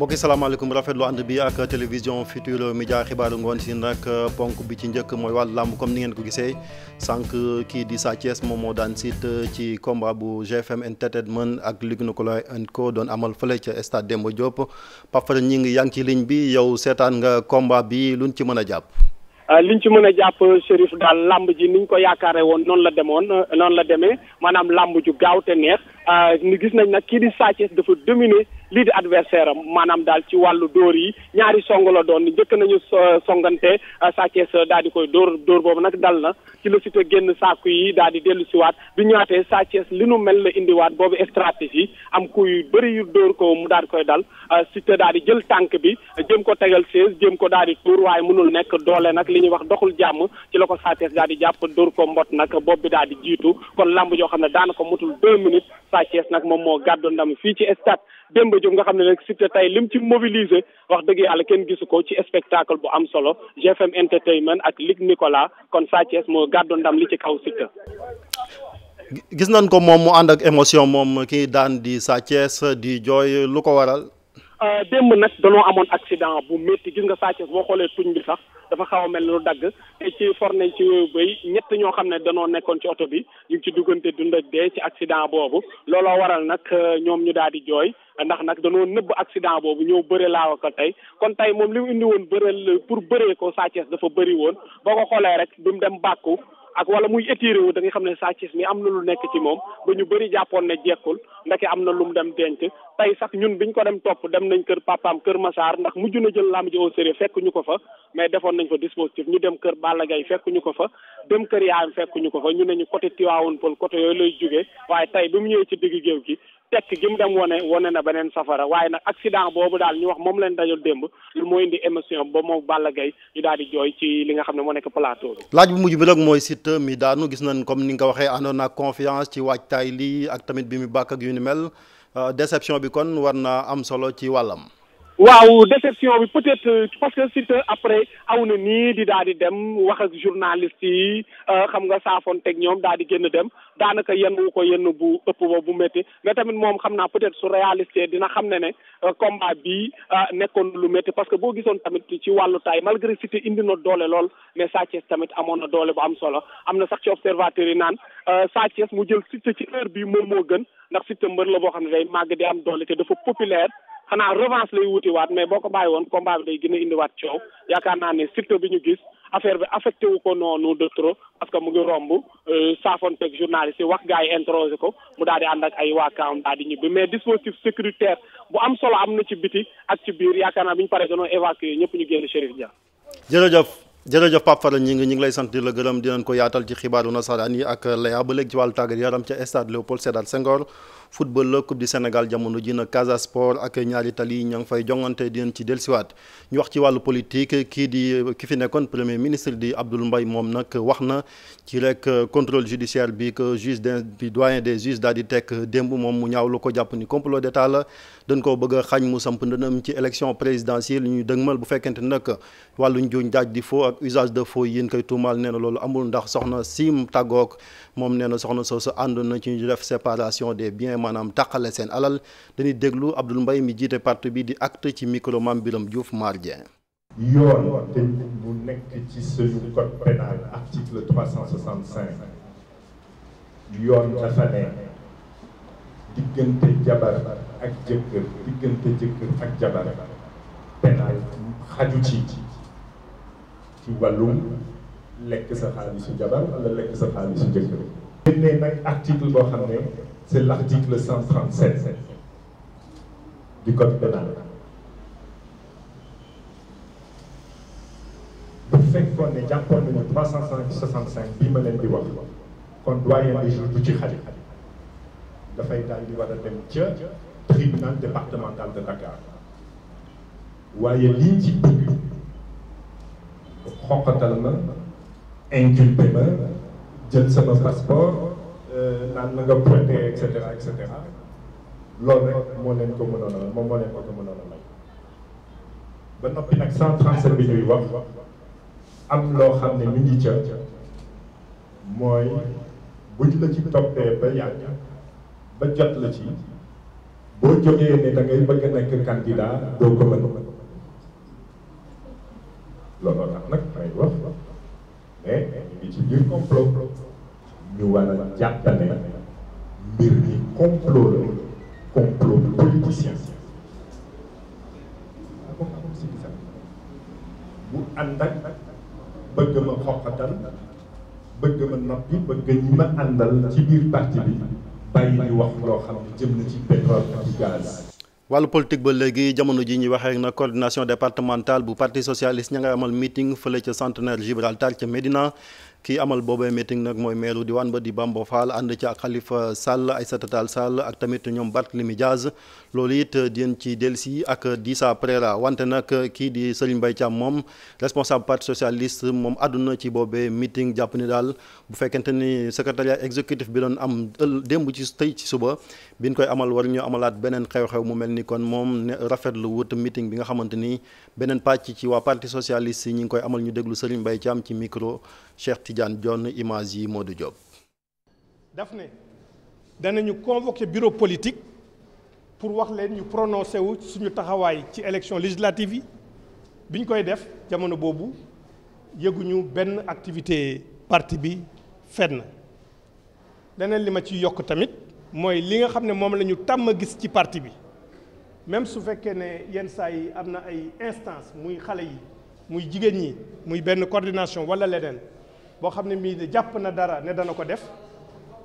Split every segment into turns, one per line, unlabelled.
mbokki salaamaaleykum rafetlu ànd bi ak télévision Futurs Médias xibaaru ngoon si nag ponk bi ci njëkk mooy wàllu làmb comme ni ngeen ko gisee sànq kii di Sa moom moo daan Siteu ci combat bu GFM Entertainment ak Luc Nicolaï ko doon amal fële ca stade Demba Diop Pape Fara ñi ngi yaa ci ligne bi yow seetaan nga combat bi lu luñ ci mën a jàpp.
Euh, liñ ci mën a jàpp Chérif daal làmb ji niñ ko yaakaare woon noonu la demoon euh, noonu la demee maanaam làmb ju gaaw te neex ni euh, gis nañ nag Sa lii di adversaire am maanaam daal ci wàllu dóor yi ñaari song la doon njëkk nañu euh, songante euh, Sa Thiès koy dóor dóor boobu nag dal na ci la Siteu génn saaku yi daal di dellu siwaat bi ñaatee Sa li nu mel la indiwaat boobu stratégie am kuy bëri yu dóor ko mu daal di koy dal euh, Siteu daal di jël tànk bi jëm ko tegal seize jëm ko daal di tuur waaye mënul nekk doole nag li ñuy wax doxul jàmm ci la ko Sa Thiès daal di jàpp dóor ko mbot nag bopp bi daal di jiitu kon lamb joo xam ne daanaka mutul deux minutes Sa Thiès nag moom moo gàddu ndam fii ci Diop nga xam ne nag Siteu tey lim ci mobilisé wax dëgg yàlla kenn gisu ko ci spectacle bu am solo GFM entertainment ak Luc Nicolas kon Sa moo gàddu ndam li ci kaw Siteu.
gis nañ ko moom mu ànd ak émotion moom ki daan di Sa di jooy lu ko waral.
Euh, démb nag danoo amoon accident bu métti gis nga Sa boo xoolee tuñ bi sax dafa xaw a mel lu dagg te ci for nañ ci wéyu ñett ñoo xam ne danoo nekkoon ci oto bi ñu ngi ci duggante dund ak dee ci accident boobu looloo waral nag euh, ñoom ñu daal di jooy. ndax nag danoo nëbb accident boobu ñëw bëre laawa ko tey kon tey moom li mu indi woon bëreel pour bëree ko Sa Thiès dafa bëri woon boo ko xoolee rek bi mu dem bàkku ak wala muy étiré wu da xam ne Sa mi am na lu nekk ci moom ba ñu bëri jàppoon ne jekkul ndeke am na lu mu dem denc tey sax ñun biñ ko dem topp dem nañ kër papaam kër Massar ndax mujj na jël lamb ji au sérieux fekk ñu ko fa mais defoon nañ fa dispositif ñu dem kër Balla Gaye fekk ñu ko fa dem kër yaayam fekk ñu ko fa ñu ne ñu côté Tivaouane Peulh côté yooyu lay jógee tey bi mu ñëwee digg géew gi tekk gi mu dem wane wane na beneen safara waaye nag accident boobu daal ñu wax moom leen dajal démb lu moo indi émission ba moom Balla Gaye ñu daal di jooy ci li nga xam ne moo nekk plateau bi.
laaj bu mujj bi nag mooy Siteu mi daanu gis nañ comme ni nga ko waxee àndoon naa confiance ci waajtaay lii ak tamit bi mu bàkk ak yu ni mel euh, déception bi kon war na am solo ci wàllam. waaw déception bi peut-être euh, parce que Siteu après aw na nii di daal
di dem wax ak journaliste yi euh, xam nga saafoon teg ñoom daal di génn dem daanaka yenn wu ko yenn bu ëpp ba bu métti mais tamit moom xam naa peut-être su réalisé dina xam ne ne euh, combat bi nekkoon lu métti parce que boo gisoon tamit ci wàllu taay malgré Siteu indi na doole lool mais Sa Thiès tamit amoon na doole bu am solo am na sax ci observateur yi naan Sa mu jël Siteu ci heure bi moom moo gën ndax Siteu mbër la boo xam ne day màgg di am doole te dafa populaire xanaa revanche lay wutiwaat mais boo ko bàyyi woon combat bi day gën a indiwaat coow yaakaar naa ne Siteu bi ñu gis affaire bi affecté wu ko noonu de trop parce que mu ngi romb euh, saafonteeg journaliste yi wax gaa yi interrogé ko mu daal di ànd ak ay waa kaam ñibbi mais dispositif sécuritaire bu am solo am na ci biti ak ci biir yaakaar naa bi ñu paree dañoo évacuer ñëpp ñu génn Chérif Dia.
jërëjëf. jërëjëf Pape Faral ñi ngi ñu ngi lay sant di la gërëm dinañ ko yaatal ci xibaaru nasaraan yi ak laya ba léegi ci wàllu football la coupe du Sénégal jamono ji na Casa Sport ak ñaari tali ña ngi fay jongante dinañ ci dellusiwaat ñu wax ci wàllu politique kii di ki fi nekkoon premier ministre di Abdoul mbay moom nag wax na ci rek euh, contrôle judiciaire bi que juge bi doyen des juges daal di tekk démb moom mu ñaaw lu ko jàpp ni complot d'état la dañ koo bëgg a mu samp ndënam ci élection présidentielle ñu dëgmal bu fekkente nag wàllu njuñ jaaj di faux ak usage de faux yéen koy tuumaal nee na loolu amul ndax soxna Sim Taggoog moom nee na soxna soosu ànd na ci ñu def des biens maanaam taqale seen alal dañuy déglu Abdoul mbay mi jiite parti bi di acte ci micro Mame Birame Diouf Mar
yoon te bu nekk ci suñu code pénal article 365 yoon dafa ne diggante jabar ak jëkkër diggante jëkkër ak jabar pénal xaju ci ci wàllum lekk sa xaalisu jabar wala lekk sa xaalisu jëkkër génnee nag article boo xam ne c' est l' article 137 du code pénal bu fekkoon ne jàppoon nañu 365 bii ma leen di wax kon doyen des juges du ci xarit dafay daal di war a dem ca tribunal départemental de Dakar waaye lii ci bëgg ma inculpé ma jël sama passeport euh, naan na nga pointé et cetera et cetera loolu rek moo leen ko mënoon a moom moo leen ko mënoon a may ba noppi nag 137 bi ñuy wax am loo xam ne mi ngi ca mooy buñ la ci toppee ba yàgg ba jot la ci boo jógee ne da ngay bëgg a nekk candidat doo ko mën looloo tax nag may wax mais ñu ngi ci biir complot ñu war a ci biir parti bi bàyyi
ñu ba léegi jamono ji ñuy waxee na coordination départementale bu parti socialiste ña nga amal meeting fële ca centenaire Gibraltar ca Médina kii amal boobee meeting nag mooy meeru diwaan ba di Bamba Fall ànd ci ak Khalifa Sall Aïssata Tall Sall ak tamit ñoom Barthélémy Dias loolu it dien ci delsi ak di sa Preira wante nag kii di Serigne Mbaye Thiam moom responsable parti socialiste moom àdduna ci boobee meeting jàpp ni daal bu fekkente ni secrétariat exécutif bi doon am démb ci tey ci suba bi biñ koy amal war ñu amalaat beneen xew-xew mu mel ni kon moom ne rafetlu wut meeting bi nga xamante ni beneen pàcc ci waa parti socialiste yi ñu ngi koy amal ñu déglu Serigne Mbaye ci micro Tidiane Dione image yi Modou Diop.
daf ne danañu convoquer bureau politique pour wax leen ñu prononcé wu suñu taxawaay ci élection législative yi bi ñu koy def jamono boobu yëguñu benn activité parti bi na leneen li ma ci yokk tamit mooy li nga xam ne moom la ñu tàmm gis ci parti bi même su fekkee ne yenn saa yi am na ay instance muy xale yi muy jigéen ñi muy benn coordination walla leneen. boo xam ne mii jàpp na dara ne dana ko def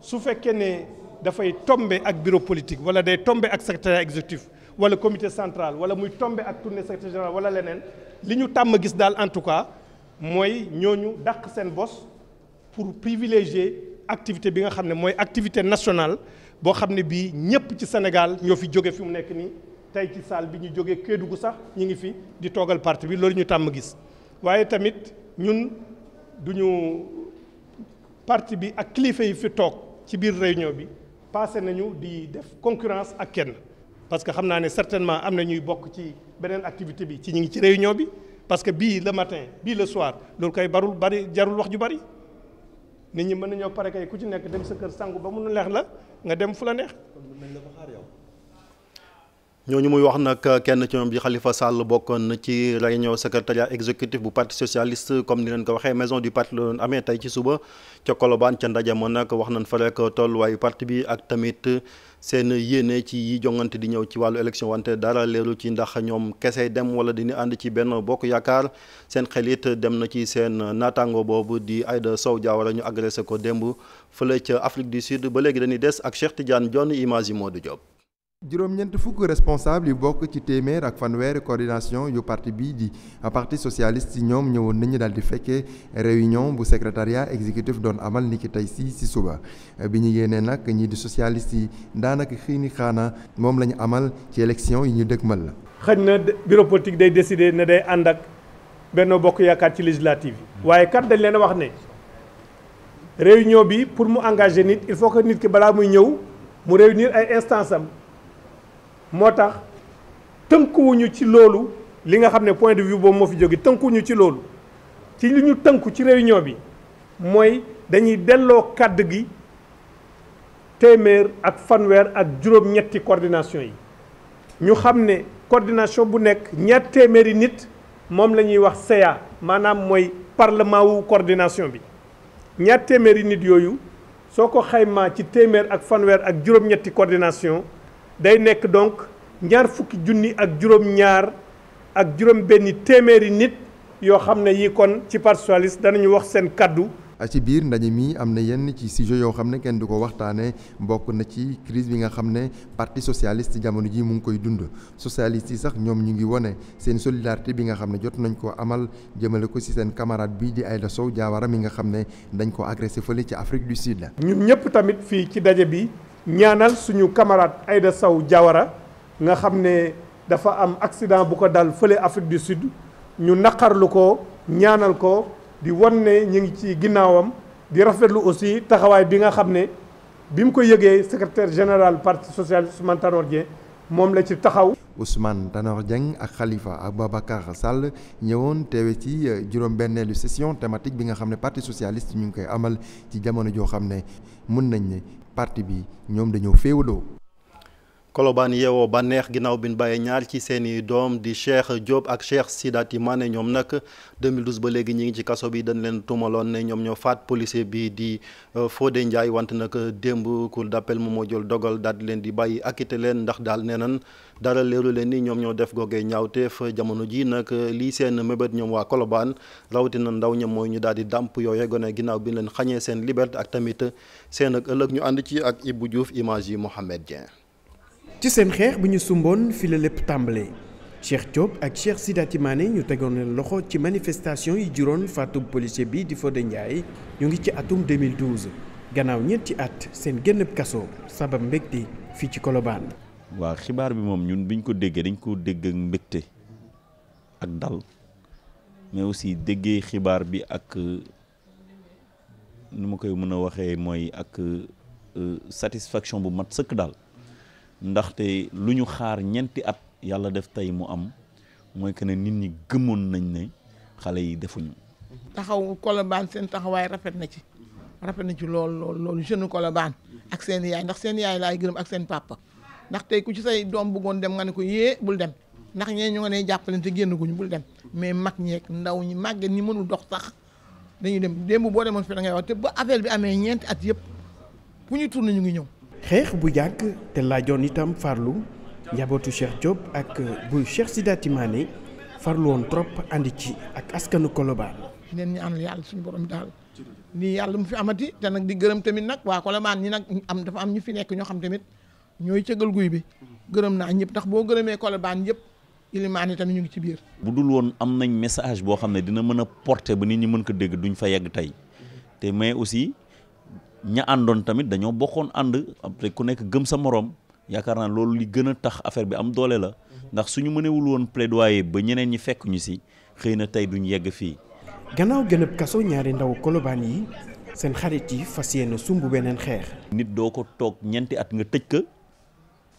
su fekkee ne dafay tombe ak biro politique wala day tombe ak secrétaire exécutif wala comité centrale wala muy tombe ak tournée secrétaire général wala leneen li ñu tàmm gis daal en tout cas mooy ñooñu dàq seen bos pour privilégier activité bi nga xam ne mooy activité nationale boo xam ne bii ñëpp ci Sénégal ñoo fi jóge fi mu nekk nii tey ci salle bi ñu jógee Kédougou sax ñu ngi fi di toogal partie bi loolu ñu tàmm gis du duñu parti bi ak kilifa yi fi toog ci biir réunion bi passé nañu di def concurrence ak kenn parce que xam naa ne certainement am na ñuy bokk ci beneen activité bi ci ñu ngi ci réunion bi parce que bii la matin bii la soir loolu koy barul bari jarul wax ju bari nit ñi mën nañoo pare kay ku ci nekk dem sa kër sangu ba mu neex la nga dem fu la neex.
ñooñu muy wax nag kenn ci ñoom ji Khalifa Sall bokkoon na ci réunion secrétariat exécutif bu parti socialist comme ni leen ko waxee maison du parti la doon amee tey ci suba ca Colobane ca ndaje ma nag wax nañ fa rek tolluwaayu parti bi ak tamit seen yéene ci yi jongante di ñëw ci wàllu élection wante dara leeru ci ndax ñoom kese dem wala dina ànd ci benn bokk yaakaar seen xelit dem na ci seen naataango boobu di Aïda Sow Diawara ñu agressé ko démb fële ca Afrique du Sud ba léegi dañuy des ak Cheikh Tidiane Dione image yi Modou Diop juróom-ñeent fukk responsable yu bokk ci téeméer ak fanweeri coordination yu parti bii di parti socialiste si ñoom ñëwoon nañu daal di fekkee réunion bu secrétariat exécutif doon amal niki tey si si suba bi ñu yéenee nag ñii di socialiste yi daanaka xii ni xaana moom la ñu amal ci élection yi ñu dëgmal la
xëy na bureau politique day décider na day ànd ak Benno Bokk Yaakaar ci législative yi hmm. waaye kat dañ leen wax ne réunion bi pour mu engager nit il faut que nit ki balaa muy ñëw mu réunir ay instance am moo tax tënkuwuñu ci loolu li nga xam ne point de vue boobu moo fi jóge tënkuwuñu ci loolu ci li ñu tënku ci réunion bi mooy dañuy delloo kàdd gi téeméer ak fanweer ak juróom-ñetti coordination yi ñu xam ne coordination bu nekk ñaar téeméeri nit moom la ñuy wax CA maanaam mooy parlement wu coordination bi ñaar téeméeri nit yooyu soo ko xaymaa ci téeméer ak fanweer ak juróom-ñetti coordination day nekk donc ñaar fukki junni ak juróom-ñaar ak juróom-benni téeméeri nit yoo xam ne yi kon ci parti socialiste
danañu wax seen kàddu ci biir ndaje mi am na yenn ci sujet yoo xam ne kenn du ko waxtaanee bokk na ci crise bi nga xam ne parti socialiste jamono ji mu ngi koy dund socialiste yi sax ñoom ñu ngi wone seen solidarité bi nga xam ne jot nañ ko amal jëmale ko ci seen camarade bi di Aïda Sow Diawara mi nga xam ne dañ ko agressé fële ci Afrique du Sud la. ñun ñëpp tamit fii ci daje
bi ñaanal suñu camarade Aïda Sow Diawara. nga xam ne dafa am accident bu ko dal fële Afrique du Sud ñu naqarlu ko ñaanal ko di wan ne ñu ngi ci ginnaawam di rafetlu aussi taxawaay bi nga xam ne bi mu ko yëgee secrétaire général parti socialiste Ousmane Tanor Dieng moom la ci taxaw.
Ousmane Tanor Dieng ak Khalifa Ababacar Sall ñëwoon teewe ci euh, juróom-benneelu session thématique bi nga xam ne parti socialiste ñu ngi koy amal ci jamono joo xam ne mun nañ ne parti bi ñoom dañoo féewaloo. Kolobaan yeewoo ba neex ginnaaw bi ñu ñaar ci seeni doom di Cheikh Diop ak Cheikh Sidati Mané ñoom nag 2012 ba léegi ñi ngi ci kaso bi dañ leen tumaloon ne ñoom ñoo faat policier bi di euh, Fodé Ndiaye want nag démb cour d'appel moom moo jël dogal daal di leen di bàyyi acquitté leen ndax daal nee nan dara leeru leen ni ñoom ñoo def googee ñaawteef jamono ji nag lii seen mébét ñoom waa Kolobaan rawatina ndaw ñoom mooy ñu daal di dàmp yooye gone ginnaaw bi leen xañee seen liberté ak tamit seen ak ñu ànd ci ak Ibou Diouf image yi Mohamed Dieng
ci seen xeex bu ñu sumboon fi la lépp tàmbalee Cheikh Diop ak Cheikh Sidati Mané ñu tegoon leen loxo ci manifestation yi juróon faatub policier bi di Fodé Ndiaye ñu ngi ci atum 2012 gannaaw ñeenti at seen génnab kaso sabab mbégte fii ci Colobane.
waaw xibaar bi moom ñun biñ ko déggee dañ ko dégg ak mbégte ak dal mais aussi déggee xibaar bi ak euh, nu ma koy mën a waxee mooy ak euh, satisfaction bu mat sëkk daal. ndaxte lu ñu xaar ñeenti at yàlla def tey mu am mooy que ne nit ñi gëmoon nañ ne xale yi defuñu.
taxaw Colobane seen taxawaay rafet na ci. rafet na ci lool lool loolu jeune Colobane ak seen yaay ndax seen yaay laay gërëm ak seen papa ndaxte ku ci say doom bëggoon dem nga ne ko yée bul dem ndax ñee ñu nga ne jàppalante génn guñu bul dem mais mag ñeeg ndaw ñi màgget ñi mënul dox sax dañuy dem démb boo demoon fi a ngay wax te ba affaire bi amee ñeenti at yëpp fu ñu tourné ñu ngi ñëw. xeex bu yàgg te laajoon itam farlu njabootu Cheikh Diop ak bu Cheikh Sida Timaane farlu woon trop andi ci ak askanu Colobane. neen ñu àndal yàlla suñu borom daal nii yàlla mu fi amati te nag di gërëm tamit nag waa Colobane ñi nag am dafa am ñu fi nekk ñoo xam tamit ñooy cëgal guy bi gërëm naa ñëpp ndax boo gërëmee Colobane yëpp ilimaan yi tam tamit ñu ngi ci biir.
bu dul woon am nañ message boo xam ne dina mën a porter ba nit ñi mën ko dégg duñ fa yegg tey ña àndoon tamit dañoo bokkoon ànd après ku nekk gëm sa moroom yaakaar naa loolu li gën a tax affaire bi am doole la mhm. ndax su ñu mënewul woon plaidoyer ba ñeneen ñi fekk ñu si xëy na tey duñ yegg fii. gannaaw gënëb kaso
ñaari ndaw kolobaan yi seen xarit yi fas yéene sumb beneen xeex.
nit doo ko toog ñeenti at nga tëj ko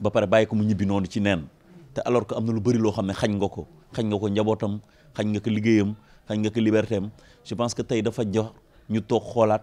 ba pare bàyyi ko mu ñibbi noonu ci neen te alors que am na lu bëri loo xam ne xañ nga ko xañ nga ko njabootam xañ nga ko liggéeyam xañ nga ko liberté je pense que tey dafa jox ñu toog xoolaat.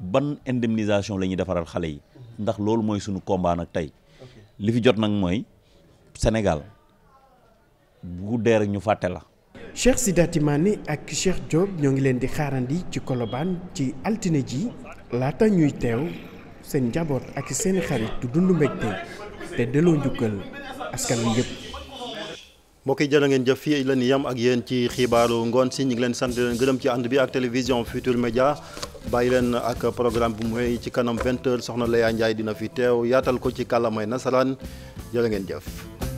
ban indemnisation lañuy defaral xale yi ndax loolu mooy sunu combat nag tey li fi jot nag mooy Sénégal bu dee ñu fàtte la.
Cheikh Sidati ak Cheikh Diop ñoo ngi leen di xaarandi ci Colobane ci altine ji laata ñuy teew seen njaboot ak seeni xarit du dund mbégte te delloo njugal askan wi yëpp.
mbokk yi ngeen jëf fii la ñu yem ak yéen ci xibaaru ngoon si ñu ngi leen sant leen gërëm ci ànd bi ak télévision Futur Média bàyyi leen ak programme bu muy ci kanam 20 heures la Leya Ndiaye dina fi teew yaatal ko ci kàllaamay nasaraan jërë ngeen jëf.